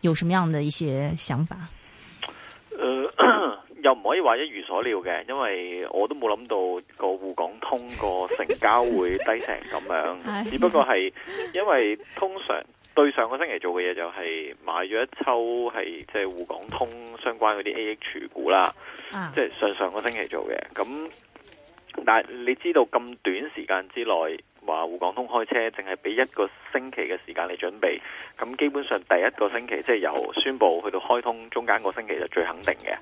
有什麼樣的一些想法？呃、又唔可以話一如所料嘅，因為我都冇諗到個滬港通個成交會低成咁樣。 只不過係因為通常對上個星期做嘅嘢就係買咗一抽係即係滬港通相關嗰啲 AH 股啦，即、啊、係、就是、上上個星期做嘅。咁但係你知道咁短時間之內？話滬港通開車淨係俾一個星期嘅時間嚟準備，咁基本上第一個星期即係、就是、由宣布去到開通中間個星期就最肯定嘅。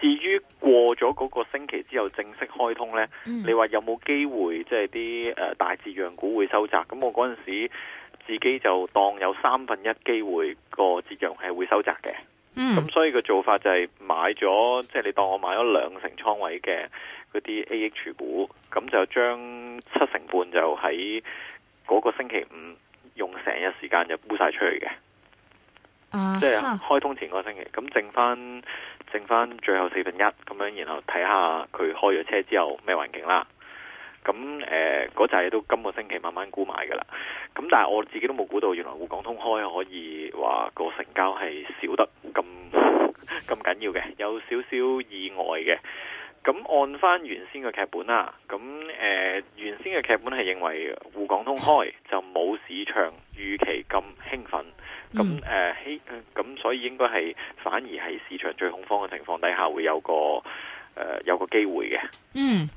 至於過咗嗰個星期之後正式開通呢，你話有冇機會即係啲誒大折讓股會收窄？咁我嗰陣時候自己就當有三分一機會個折讓係會收窄嘅。咁、嗯、所以個做法就係買咗，即、就、係、是、你當我買咗兩成倉位嘅嗰啲 A H 股，咁就將七成半就喺嗰個星期五用成日時間就沽晒出去嘅，即、嗯、係、就是、開通前個星期，咁剩翻剩翻最後四分一，咁樣然後睇下佢開咗車之後咩環境啦。咁誒嗰扎都今個星期慢慢估埋㗎啦。咁但係我自己都冇估到，原來滬港通開可以話個成交係少得咁咁緊要嘅，有少少意外嘅。咁按翻原先嘅劇本啦，咁誒、呃、原先嘅劇本係認為滬港通開就冇市場預期咁興奮。咁誒希咁所以應該係反而係市場最恐慌嘅情況底下會有個誒、呃、有個機會嘅。嗯。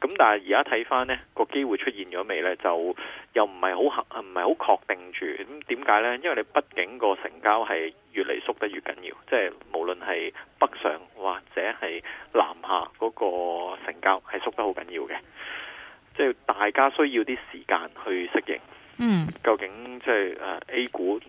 咁但係而家睇翻呢個機會出現咗未呢？就又唔係好合，唔係好確定住。咁點解呢？因為你畢竟個成交係越嚟縮得越緊要，即係無論係北上或者係南下嗰個成交係縮得好緊要嘅。即係大家需要啲時間去適應。嗯，究竟即係誒 A 股？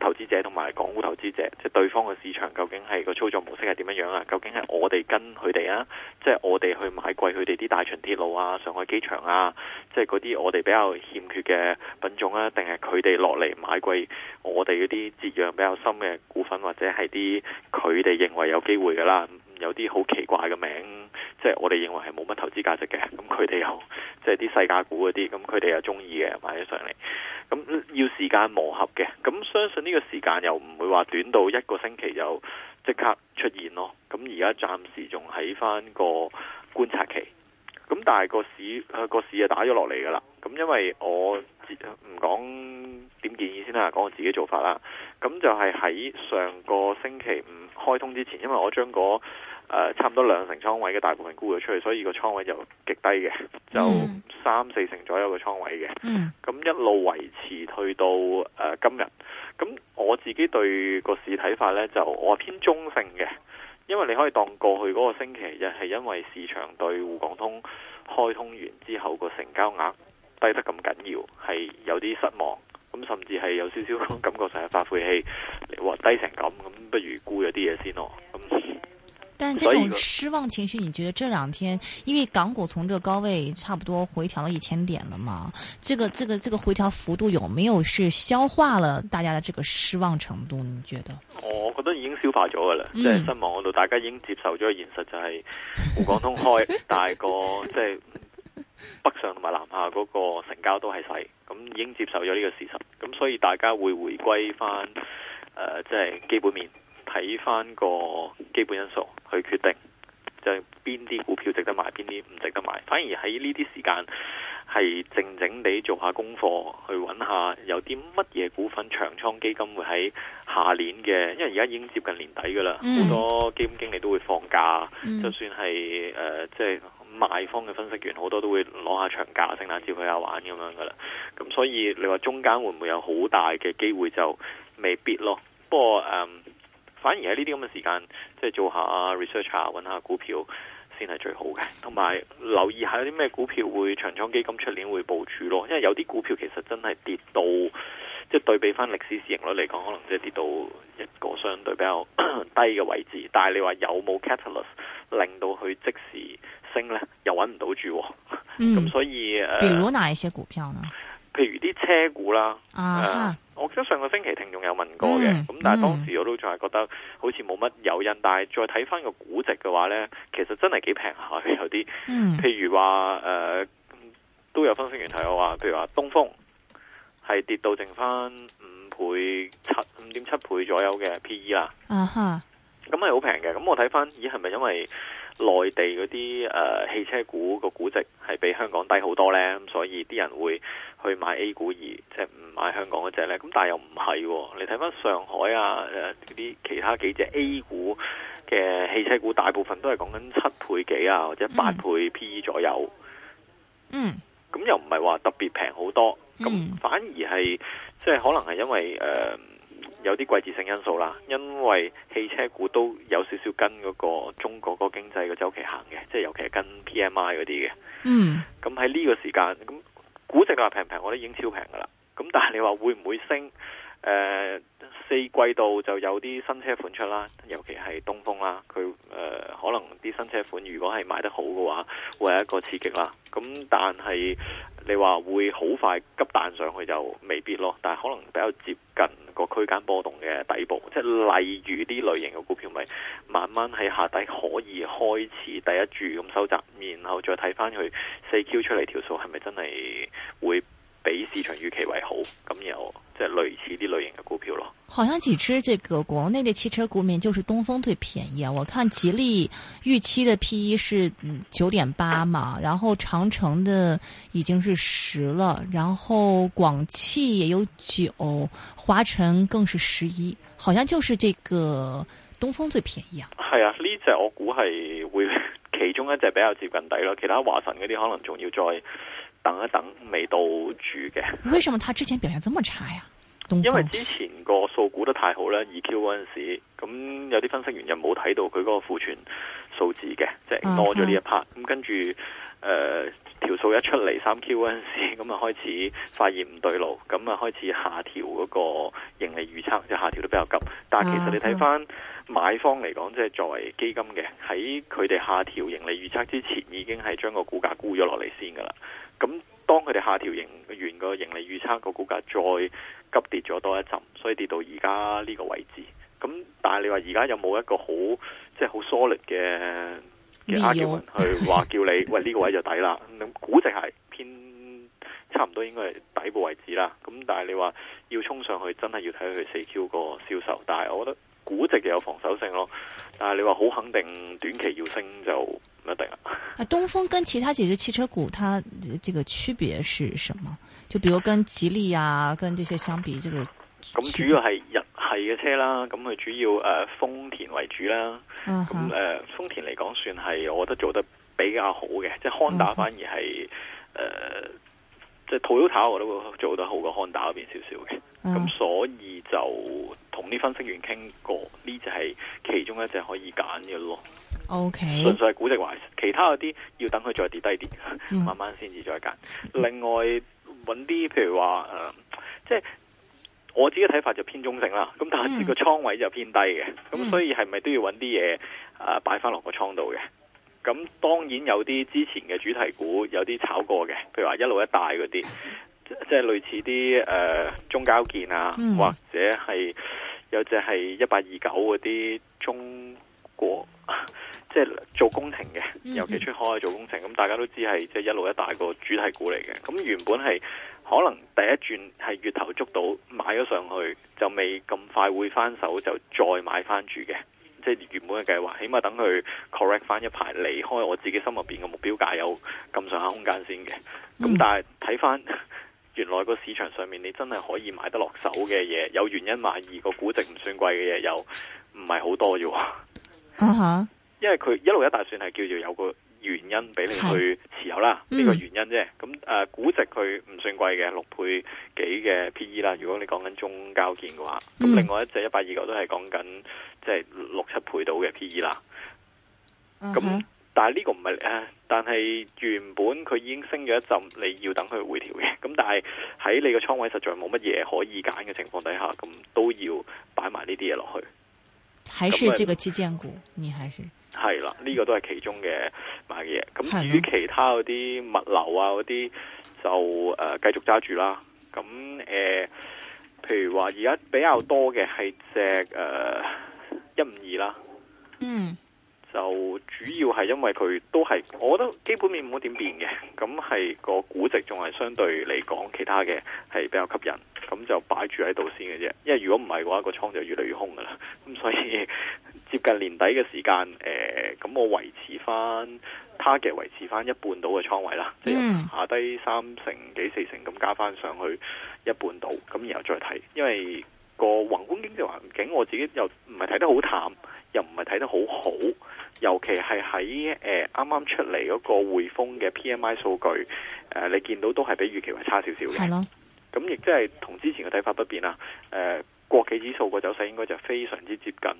投資者同埋港股投資者，即係對方嘅市場，究竟係個操作模式係點樣樣啊？究竟係我哋跟佢哋啊？即係我哋去買貴佢哋啲大秦鐵路啊、上海機場啊？即係嗰啲我哋比較欠缺嘅品種啊？定係佢哋落嚟買貴我哋嗰啲折讓比較深嘅股份，或者係啲佢哋認為有機會噶啦，有啲好奇怪嘅名，即係我哋認為係冇乜投資價值嘅，咁佢哋又。即係啲世界股嗰啲，咁佢哋又中意嘅買咗上嚟，咁要時間磨合嘅，咁相信呢個時間又唔會話短到一個星期就即刻出現咯。咁而家暫時仲喺翻個觀察期，咁但係個市，個市就打咗落嚟噶啦。咁因為我唔講點建議先啦，講我自己做法啦。咁就係喺上個星期五開通之前，因為我將，嗰個。誒，差唔多兩成倉位嘅大部分沽咗出去，所以個倉位就極低嘅，就三四成左右嘅倉位嘅。咁一路維持去到誒今日，咁我自己對個市睇法呢，就我偏中性嘅，因為你可以當過去嗰個星期日係因為市場對滬港通開通完之後個成交額低得咁緊要，係有啲失望，咁甚至係有少少感覺上係發晦氣，哇低成咁，咁不如沽咗啲嘢先咯。但這種失望情緒，你覺得這兩天，因為港股從這個高位差不多回調了一千點了嘛，這個、這個、這個回調幅度有沒有是消化了大家的這個失望程度？你覺得？我覺得已經消化咗噶啦，即係失望度，大家已經接受咗現實，就係滬港通開 大個，即係北上同埋南下嗰個成交都係細，咁已經接受咗呢個事實，咁所以大家會回歸翻誒，即係基本面。睇翻個基本因素去決定，就係邊啲股票值得買，邊啲唔值得買。反而喺呢啲時間，係靜靜地做下功課，去揾下有啲乜嘢股份長倉基金會喺下年嘅，因為而家已經接近年底噶啦，好多基金經理都會放假，mm. 就算係誒，即係賣方嘅分析員，好多都會攞下長假，聖誕節去下玩咁樣噶啦。咁所以你話中間會唔會有好大嘅機會，就未必咯。不過誒。嗯反而喺呢啲咁嘅時間，即係做下 research 啊，揾下股票先係最好嘅。同埋留意下有啲咩股票會長倉基金出年會部署咯。因為有啲股票其實真係跌到，即係對比翻歷史市盈率嚟講，可能即係跌到一個相對比較 低嘅位置。但係你話有冇 catalyst 令到佢即時升呢？又揾唔到住。嗯，咁 所以，比如哪一些股票呢？譬如啲車股啦，啊。即上個星期聽眾有問過嘅，咁、mm, 但係當時我都仲係覺得好似冇乜誘因，mm. 但係再睇翻個估值嘅話呢，其實真係幾平下有啲，mm. 譬如話誒、呃、都有分析員提我話，譬如話東風係跌到剩翻五倍七五點七倍左右嘅 P E 啦，咁係好平嘅，咁我睇翻咦係咪因為？內地嗰啲誒汽車股個估值係比香港低好多呢，咁所以啲人會去買 A 股而即係唔買香港嗰隻呢。咁但係又唔係、哦，你睇翻上海啊嗰啲、呃、其他幾隻 A 股嘅汽車股，大部分都係講緊七倍幾啊，或者八倍 PE 左右。嗯，咁又唔係話特別平好多，咁反而係即係可能係因為誒。呃有啲季節性因素啦，因為汽車股都有少少跟嗰個中國個經濟嘅周期行嘅，即係尤其係跟 PMI 嗰啲嘅。嗯，咁喺呢個時間，咁估值話平平，我覺得已經超平噶啦。咁但係你話會唔會升？誒、呃，四季度就有啲新車款出啦，尤其係東風啦，佢誒、呃、可能啲新車款如果係賣得好嘅話，會係一個刺激啦。咁但係你話會好快急彈上去就未必咯，但係可能比較接近個區間波動嘅底部，即係例如啲類型嘅股票，咪慢慢喺下底可以開始第一注咁收集，然後再睇翻佢四 Q 出嚟條數，係咪真係會？比市場預期為好，咁又即係類似啲類型嘅股票咯。好像幾支，這個國內嘅汽車股面，就是東風最便宜啊！我看吉利預期的 PE 是九點八嘛，然後長城的已經是十了，然後廣汽也有九，華晨更是十一，好像就是這個東風最便宜啊！係啊，呢隻我估係會其中一隻比較接近底咯，其他華晨嗰啲可能仲要再。等一等，未到住嘅。為什麼他之前表現這麼差呀、啊？因為之前個數估得太好啦，二 Q 嗰陣時，咁有啲分析員又冇睇到佢嗰個庫存數字嘅，即係多咗呢一 part。咁、uh-huh. 跟住，誒、呃、條數一出嚟三 Q 嗰陣時，咁、嗯、啊開始發現唔對路，咁、嗯、啊開始下調嗰個盈利預測，即下調得比較急。但係其實你睇翻買方嚟講，即、就、係、是、作為基金嘅，喺佢哋下調盈利預測之前，已經係將個股價估咗落嚟先噶啦。咁當佢哋下調盈完個盈利預測，個股價再急跌咗多一浸，所以跌到而家呢個位置。咁但係你話而家有冇一個好即係好 solid 嘅嘅 argument 去話叫你 喂呢、這個位就抵啦。咁估值係偏差唔多應該係底部位置啦。咁但係你話要衝上去，真係要睇佢四 Q 個銷售。但係我覺得。估值又有防守性咯，但係你話好肯定短期要升就唔一定啦。啊，東風跟其他幾隻汽車股，它這個區別是什麼？就比如跟吉利啊，跟這些相比，這個咁、嗯、主要係日系嘅車啦，咁佢主要誒豐、呃、田為主啦。Uh-huh. 嗯。咁、呃、誒，豐田嚟講，算係我覺得做得比較好嘅，即係康達反而係誒、uh-huh. 呃，即係 Toyota，我都做得好過康達嗰邊少少嘅。咁、嗯、所以就同啲分析員傾過，呢隻係其中一隻可以揀嘅咯。O K，純粹係估值話事，其他嗰啲要等佢再跌低啲，慢慢先至再揀、嗯。另外搵啲譬如話誒、呃，即係我自己睇法就偏中性啦。咁但係個倉位就偏低嘅，咁、嗯、所以係咪都要搵啲嘢誒擺翻落個倉度嘅？咁、嗯、當然有啲之前嘅主題股有啲炒過嘅，譬如話一路一帶嗰啲。即係類似啲誒、呃、中交建啊，嗯、或者係有隻係一八二九嗰啲中國，即係、就是、做工程嘅，尤其出海做工程，咁大家都知係即係一路一大一個主題股嚟嘅。咁原本係可能第一轉係月頭捉到買咗上去，就未咁快會翻手就再買翻住嘅，即、就、係、是、原本嘅計劃，起碼等佢 correct 翻一排，離開我自己心入邊嘅目標價有咁上下空間先嘅。咁但係睇翻。 原來個市場上面你真係可以買得落手嘅嘢，有原因買二個估值唔算貴嘅嘢又唔係好多嘅喎。Uh-huh. 因為佢一路一大算係叫做有個原因俾你去持有啦，呢個原因啫。咁、mm. 誒、嗯，估值佢唔算貴嘅，六倍幾嘅 P E 啦。如果你講緊中交建嘅話，咁、mm. 另外一隻一百二九都係講緊即係六七倍到嘅 P E 啦。咁、uh-huh.。但係呢個唔係誒，但係原本佢已經升咗一浸，你要等佢回調嘅。咁但係喺你個倉位實在冇乜嘢可以揀嘅情況底下，咁都要擺埋呢啲嘢落去。還是這個基建股，就是、你還是係啦，呢、這個都係其中嘅買嘢。咁至於其他嗰啲物流啊那些，嗰啲就誒繼續揸住啦。咁、呃、誒，譬如話而家比較多嘅係隻誒一五二啦。嗯。就主要係因為佢都係，我覺得基本面冇點變嘅，咁係個估值仲係相對嚟講其他嘅係比較吸引，咁就擺住喺度先嘅啫。因為如果唔係嘅話，個倉就越嚟越空噶啦。咁所以接近年底嘅時間，誒、呃，咁我維持翻，target 維持翻一半到嘅倉位啦，即、mm. 係下低三成幾四成咁加翻上去一半到，咁然後再睇。因為個宏觀經濟環境我自己又唔係睇得好淡，又唔係睇得好好。尤其係喺誒啱啱出嚟嗰個匯豐嘅 P M I 數據，誒、呃、你見到都係比預期為差少少嘅。係咯，咁亦即係同之前嘅睇法不變啦。誒、呃，國企指數個走勢應該就非常之接近誒嗰、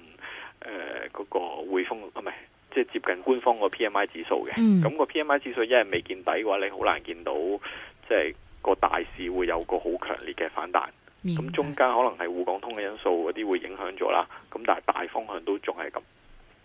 呃那個匯豐，唔係即係接近官方嘅 P M I 指數嘅。咁、嗯那個 P M I 指數一係未見底嘅話，你好難見到即係、就是、個大市會有個好強烈嘅反彈。咁、嗯、中間可能係滬港通嘅因素嗰啲會影響咗啦。咁但係大方向都仲係咁。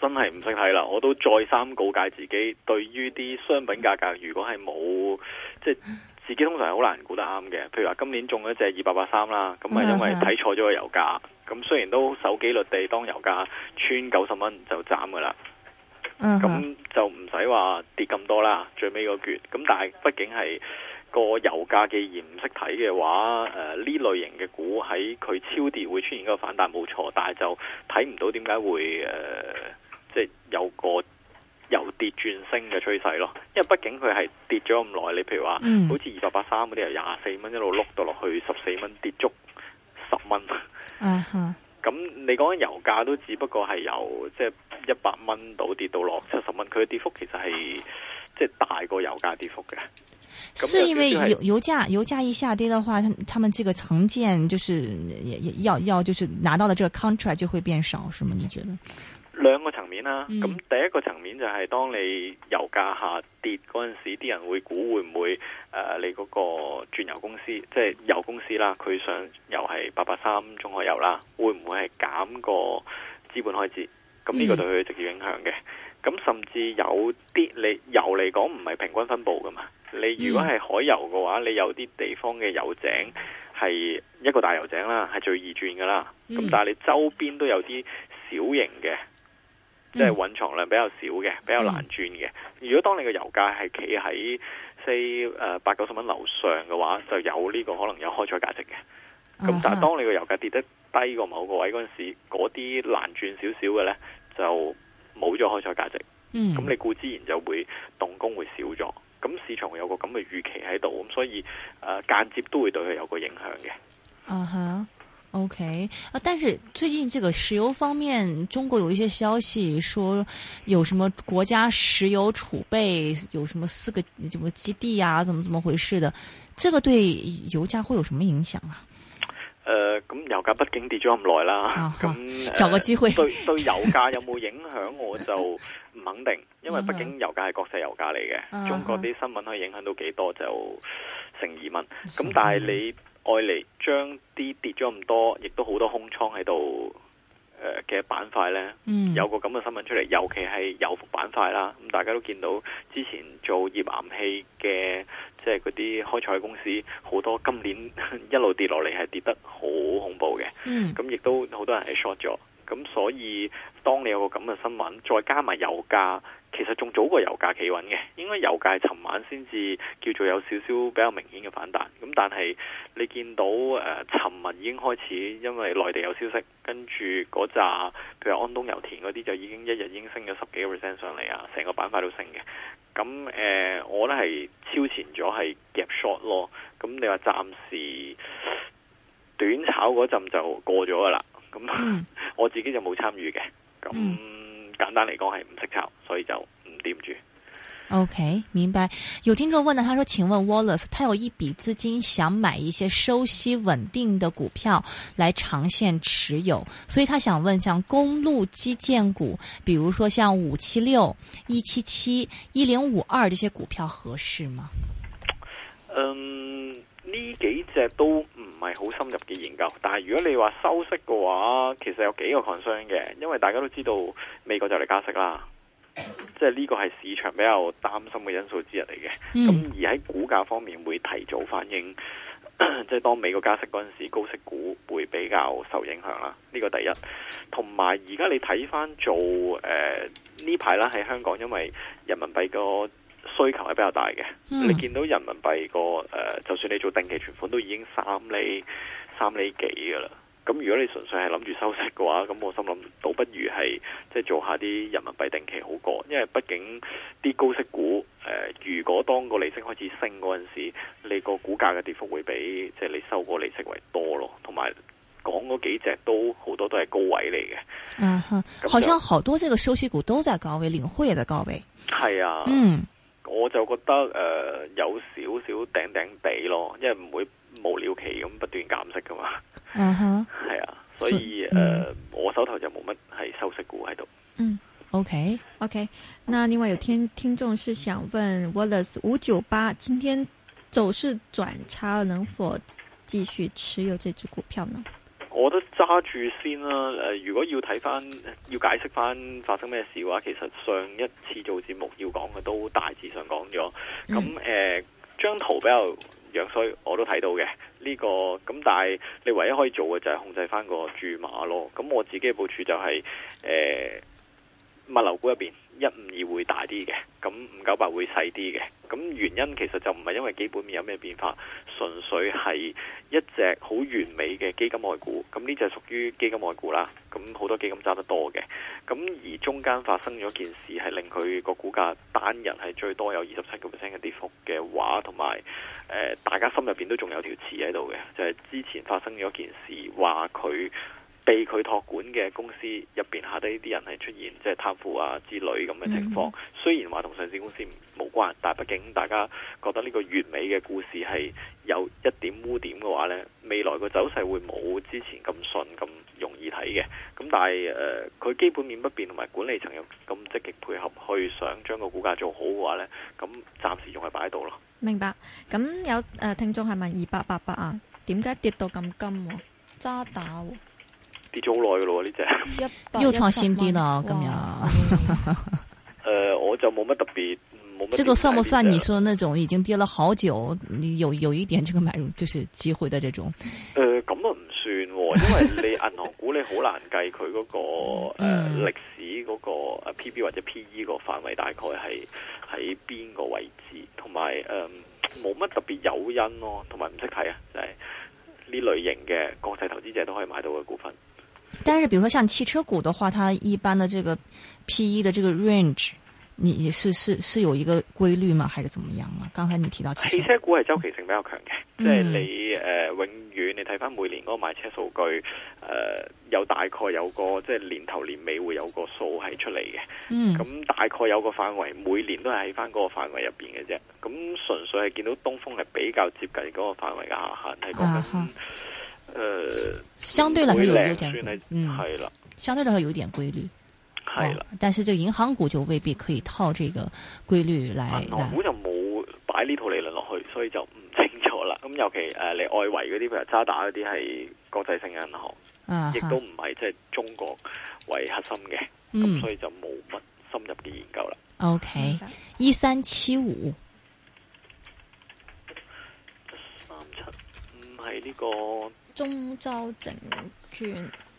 真係唔識睇啦！我都再三告誡自己，對於啲商品價格，如果係冇即係自己通常係好難估得啱嘅。譬如話今年中咗隻二百八三啦，咁係因為睇錯咗個油價。咁、mm-hmm. 雖然都守紀律地當油價穿九十蚊就斬噶啦，咁、mm-hmm. 就唔使話跌咁多啦。最尾個決，咁但係畢竟係個油價既然唔識睇嘅話，誒、呃、呢類型嘅股喺佢超跌會出現一個反彈冇錯，但係就睇唔到點解會誒。呃即、就、係、是、有個由跌轉升嘅趨勢咯，因為畢竟佢係跌咗咁耐。你譬如話、嗯，好似二六八三嗰啲，由廿四蚊一路碌到落去十四蚊，跌足十蚊。咁、啊嗯、你講緊油價都只不過係由即係一百蚊到跌到落七十蚊，佢嘅跌幅其實係即係大過油價跌幅嘅、嗯。係因為油價油價油價一下跌嘅話，佢他們這個承建就是要要就是拿到嘅這個 contract 就會變少，是嗎？你覺得？兩個層面啦、啊，咁第一個層面就係當你油價下跌嗰陣時候，啲人會估會唔會、呃、你嗰個轉油公司，即、就、係、是、油公司啦，佢上游係八八三中海油啦，會唔會係減個資本開支？咁呢個對佢直接影響嘅。咁甚至有啲你油嚟講唔係平均分布噶嘛，你如果係海油嘅話，你有啲地方嘅油井係一個大油井啦，係最易轉噶啦。咁但係你周邊都有啲小型嘅。即係蘊藏量比較少嘅，比較難轉嘅、嗯。如果當你嘅油價係企喺四誒八九十蚊樓上嘅話，就有呢個可能有開採價值嘅。咁、嗯、但係當你個油價跌得低過某個位嗰陣時候，嗰啲難轉少少嘅呢，就冇咗開採價值。咁、嗯、你固之然就會動工會少咗，咁市場會有個咁嘅預期喺度，咁所以誒間、呃、接都會對佢有個影響嘅。嗯 O.K. 啊，但是最近這個石油方面，中國有一些消息說，有什麼國家石油儲備，有什麼四個什麼基地啊，怎麼怎麼回事的？這個對油價會有什麼影響啊？呃咁油價畢竟跌咗咁耐啦，咁、找個機會、啊啊、對對油價有冇影響我就唔肯定， 因為畢竟油價係國際油價嚟嘅、啊啊，中國啲新聞可以影響到幾多就成疑問。咁、啊、但係你。外嚟將啲跌咗咁多，亦都好多空倉喺度。嘅板塊呢、嗯，有個咁嘅新聞出嚟，尤其係油服板塊啦。咁大家都見到之前做頁岩氣嘅，即係嗰啲開採公司，好多今年呵呵一路跌落嚟，係跌得好恐怖嘅。咁、嗯、亦都好多人係 short 咗。咁所以，當你有個咁嘅新聞，再加埋油價，其實仲早過油價企穩嘅。應該油價係尋晚先至叫做有少少比較明顯嘅反彈。咁但係你見到誒，尋晚已經開始，因為內地有消息，跟住嗰紮譬如安東油田嗰啲就已經一日已經升咗十幾個 percent 上嚟啊，成個板塊都升嘅。咁誒、呃，我呢係超前咗，係 gap shot 咯。咁你話暫時短炒嗰陣就過咗噶啦。咁。嗯我自己就冇參與嘅，咁、嗯、簡單嚟講係唔識炒，所以就唔掂住。OK，明白。有聽眾問呢，他說請問 Wallace，他有一筆資金想買一些收息穩定的股票來長線持有，所以他想問，像公路基建股，比如說像五七六、一七七、一零五二這些股票，合適嗎？嗯。呢幾隻都唔係好深入嘅研究，但如果你話收息嘅話，其實有幾個 concern 嘅，因為大家都知道美國就嚟加息啦，即係呢個係市場比較擔心嘅因素之一嚟嘅。咁、嗯、而喺股價方面會提早反應，即、就是、當美國加息嗰陣時，高息股會比較受影響啦。呢、這個第一，同埋而家你睇翻做誒呢排啦，喺、呃、香港因為人民幣個。需求係比較大嘅、嗯，你見到人民幣個誒，就算你做定期存款都已經三厘、三厘幾嘅啦。咁如果你純粹係諗住收息嘅話，咁我心諗倒不如係即係做一下啲人民幣定期好過，因為畢竟啲高息股誒、呃，如果當個利息開始升嗰陣時候，你個股價嘅跌幅會比即係、就是、你收過利息為多咯。同埋講嗰幾隻都好多都係高位嚟嘅。嗯、啊、哼，好像好多這個收息股都在高位，領匯也在高位。係啊，嗯。我就覺得誒、呃、有少少頂頂地咯，因為唔會無了期咁不斷減息噶嘛。嗯哼，係啊，所以誒、so, 呃嗯、我手頭就冇乜係收息股喺度。嗯，OK，OK。那另外有聽聽眾是想問 Wallace 五九八今天走勢轉差，能否繼續持有這支股票呢？揸住先啦！如果要睇翻，要解釋翻發生咩事嘅話，其實上一次做節目要講嘅都大致上講咗。咁誒，張、呃、圖比較樣衰，我都睇到嘅呢、這個。咁但係你唯一可以做嘅就係控制翻個注碼咯。咁我自己嘅部署就係、是、誒、呃、物流股入邊。一五二會大啲嘅，咁五九八會細啲嘅。咁原因其實就唔係因為基本面有咩變化，純粹係一隻好完美嘅基金外股。咁呢隻屬於基金外股啦。咁好多基金揸得多嘅。咁而中間發生咗件事，係令佢個股價單日係最多有二十七個 percent 嘅跌幅嘅話，同埋、呃、大家心入面都仲有條刺喺度嘅，就係、是、之前發生咗件事話佢。被佢託管嘅公司入邊，下低啲人係出現即係貪腐啊之類咁嘅情況、嗯。雖然話同上市公司冇關，但係畢竟大家覺得呢個完美嘅故事係有一點污點嘅話呢，未來個走勢會冇之前咁順咁容易睇嘅。咁但係誒，佢、呃、基本面不變，同埋管理層又咁積極配合，去想將個股價做好嘅話呢，咁暫時仲係擺喺度咯。明白，咁有誒、呃、聽眾係問二八八八啊，點解跌到咁金渣打、啊？好耐噶咯，呢隻又創新低啦，咁、嗯、樣。誒、嗯 呃，我就冇乜特別，冇乜。這個算不算你說那種已經跌了好久，嗯、有有一點這個買入就是機會的這種？誒、呃，咁啊唔算，哦，因為你銀行股 你好難計佢嗰，那個誒歷、 呃、史嗰個誒 P B 或者 P E 個範圍大概係喺邊個位置，同埋誒冇乜特別誘因咯，哦，同埋唔識睇啊，就係、是、呢類型嘅國際投資者都可以買到嘅股份。但是，比如說像汽車股的話，它一般的這個 PE 的這個 range，你是是是有一個規律嗎？還是怎麼樣啊？剛才你提到汽車股。汽車股係週期性比較強嘅，即、嗯、係、就是、你誒、呃、永遠你睇翻每年嗰個賣車數據，誒、呃、有大概有個即係、就是、年頭年尾會有個數係出嚟嘅，咁、嗯、大概有個範圍，每年都係喺翻嗰個範圍入邊嘅啫。咁純粹係見到東風係比較接近嗰個範圍嘅下限，係、啊、講誒、呃，相對嚟說是有有點，係、嗯、啦、嗯，相對來說有點規律，係啦、哦，但是就銀行股就未必可以套這個規律嚟。股就冇擺呢套理論落去，所以就唔清楚啦。咁、嗯、尤其誒嚟、呃、外圍嗰啲，譬如渣打嗰啲係國際性銀行，亦、啊、都唔係即係中國為核心嘅，咁、嗯、所以就冇乜深入嘅研究啦。OK，一三七五三七唔係呢個。中州證券，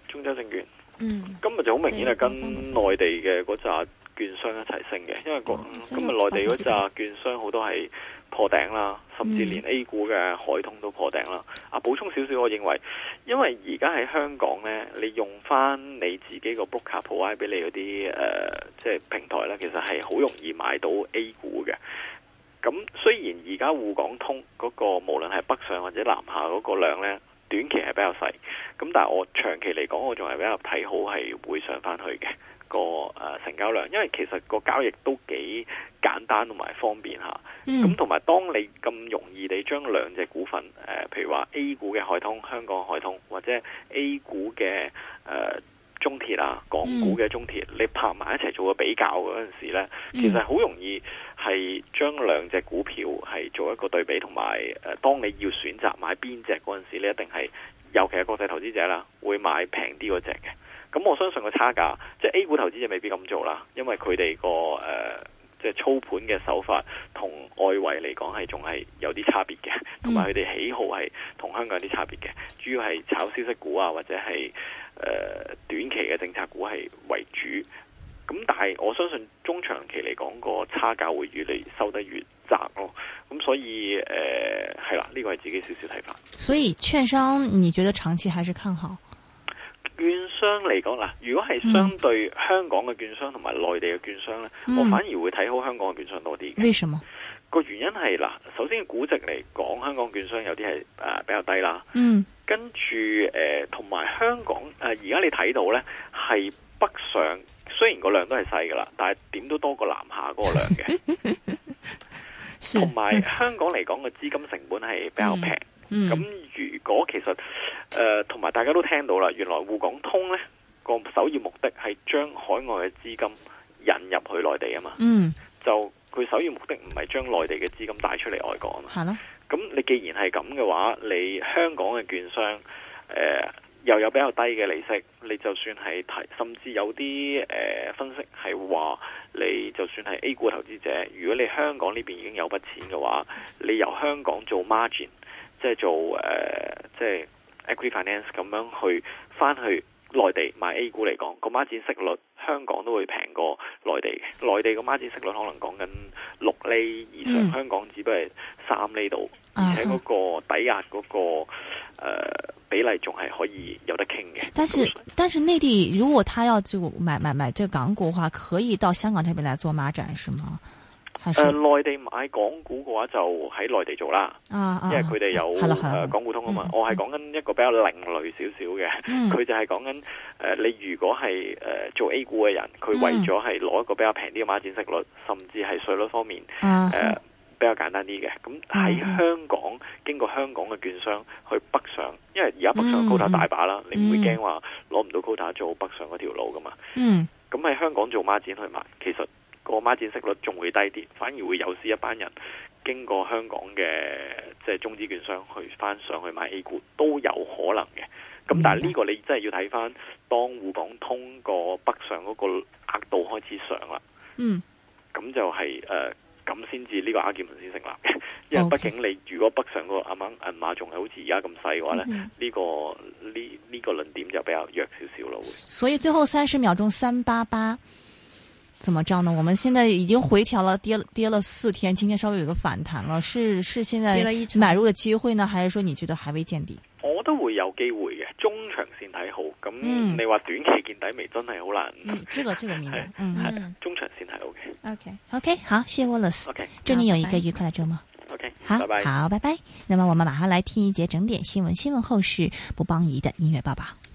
中州證券，嗯，今日就好明顯係跟內地嘅嗰紮券商一齊升嘅，哦，因為今日內地嗰紮券商好多係破頂啦，甚至連 A 股嘅海通都破頂啦。啊，補充少少，我認為，因為而家喺香港呢，你用翻你自己個 broker provide 俾你嗰啲誒，即，呃，係，就是、平台呢，其實係好容易買到 A 股嘅。咁雖然而家滬港通嗰，那個無論係北上或者南下嗰個量呢。短期係比較細，咁但係我長期嚟講，我仲係比較睇好係會上返去嘅、個誒成交量，因為其實個交易都幾簡單同埋方便嚇，咁同埋當你咁容易地將兩隻股份誒、呃，譬如話 A 股嘅海通香港海通，或者 A 股嘅誒、呃、中鐵啊，港股嘅中鐵，嗯、你拍埋一齊做個比較嗰陣時咧、嗯，其實好容易。係將兩隻股票係做一個對比，同埋誒，當你要選擇買邊隻嗰陣時，你一定係，尤其係國際投資者啦，會買平啲嗰隻嘅。咁我相信個差價，即係 A 股投資者未必咁做啦，因為佢哋個誒，即係操盤嘅手法同外圍嚟講係仲係有啲差別嘅，同埋佢哋喜好係同香港有啲差別嘅，主要係炒消息股啊，或者係誒短期嘅政策股係為主。咁、嗯、但係我相信中長期嚟講，個差價會越嚟收得越窄咯，咁所以誒係、呃、啦，呢、呢個係自己少少睇法。所以券商你覺得長期還是看好？券商嚟講嗱，如果係相對香港嘅券商同埋內地嘅券商咧，嗯，我反而會睇好香港嘅券商多啲。為什麼？個原因係嗱，首先估值嚟講，香港券商有啲係誒比較低啦。嗯。跟住誒，同、呃、埋香港誒，而、呃、家你睇到咧係。北上雖然個量都係細噶啦，但係點都多過南下嗰個量嘅。同 埋香港嚟講嘅資金成本係比較平。咁、嗯嗯、如果其實誒，同、呃、埋大家都聽到啦，原來滬港通呢個首要目的係將海外嘅資金引入去內地啊嘛。嗯，就佢首要目的唔係將內地嘅資金帶出嚟外港啊嘛。係咯。咁你既然係咁嘅話，你香港嘅券商誒。呃又有比較低嘅利息，你就算係提，甚至有啲、呃、分析係話，你就算係 A 股投資者，如果你香港呢邊已經有筆錢嘅話，你由香港做 margin，即係做、呃、即係 equity finance 咁樣去翻去內地買 A 股嚟講，那個 margin 息率香港都會平過內地，內地個 margin 息率可能講緊六厘以上，嗯、香港只不過係三釐度。喺嗰個抵押嗰、那個誒、啊呃、比例仲係可以有得傾嘅。但是，那個、但是內地如果他要就買買買這個港股嘅話，可以到香港這邊來做孖展，是嗎？誒，內、呃、地買港股嘅話就喺內地做啦、啊啊。因為佢哋有、啊啊呃、港股通啊嘛。嗯、我係講緊一個比較另類少少嘅，佢、嗯、就係講緊誒，你如果係誒、呃、做 A 股嘅人，佢為咗係攞一個比較平啲嘅孖展息率、嗯，甚至係稅率方面誒。啊呃嗯比較簡單啲嘅，咁喺香港、mm. 經過香港嘅券商去北上，因為而家北上 quota 大把啦，mm. 你唔會驚話攞唔到 quota 做北上嗰條路噶嘛。嗯，咁喺香港做孖展去買，其實個孖展息率仲會低啲，反而會有時一班人經過香港嘅即係、就是、中資券商去翻上去買 A 股都有可能嘅。咁但係呢個你真係要睇翻當滬港通過北上嗰個額度開始上啦。嗯、mm. 就是，咁就係誒咁先至呢個阿健文先成立，因為畢竟你如果北上、okay. 這個阿蚊銀碼仲係好似而家咁細嘅話呢，呢個呢呢個論點就比較弱少少咯。所以最後三十秒鐘三八八，388，怎麼照呢？我們現在已經回調了，跌了跌了四天，今天稍微有一個反彈了，是是現在買入的機會呢？還是說你覺得還未見底？我都會有機會嘅，中長線睇好。咁你話短期見底未真係好難。嗯，呢個呢個係，嗯係。中長線係好嘅。O K O K，好，謝，謝 Wallace。O、okay. K，祝你有一個愉快嘅周末。O、okay. K，好，拜拜。好，拜拜。那麼我們馬上來聽一節整點新聞，新聞後是卜邦儀的音樂播報，報。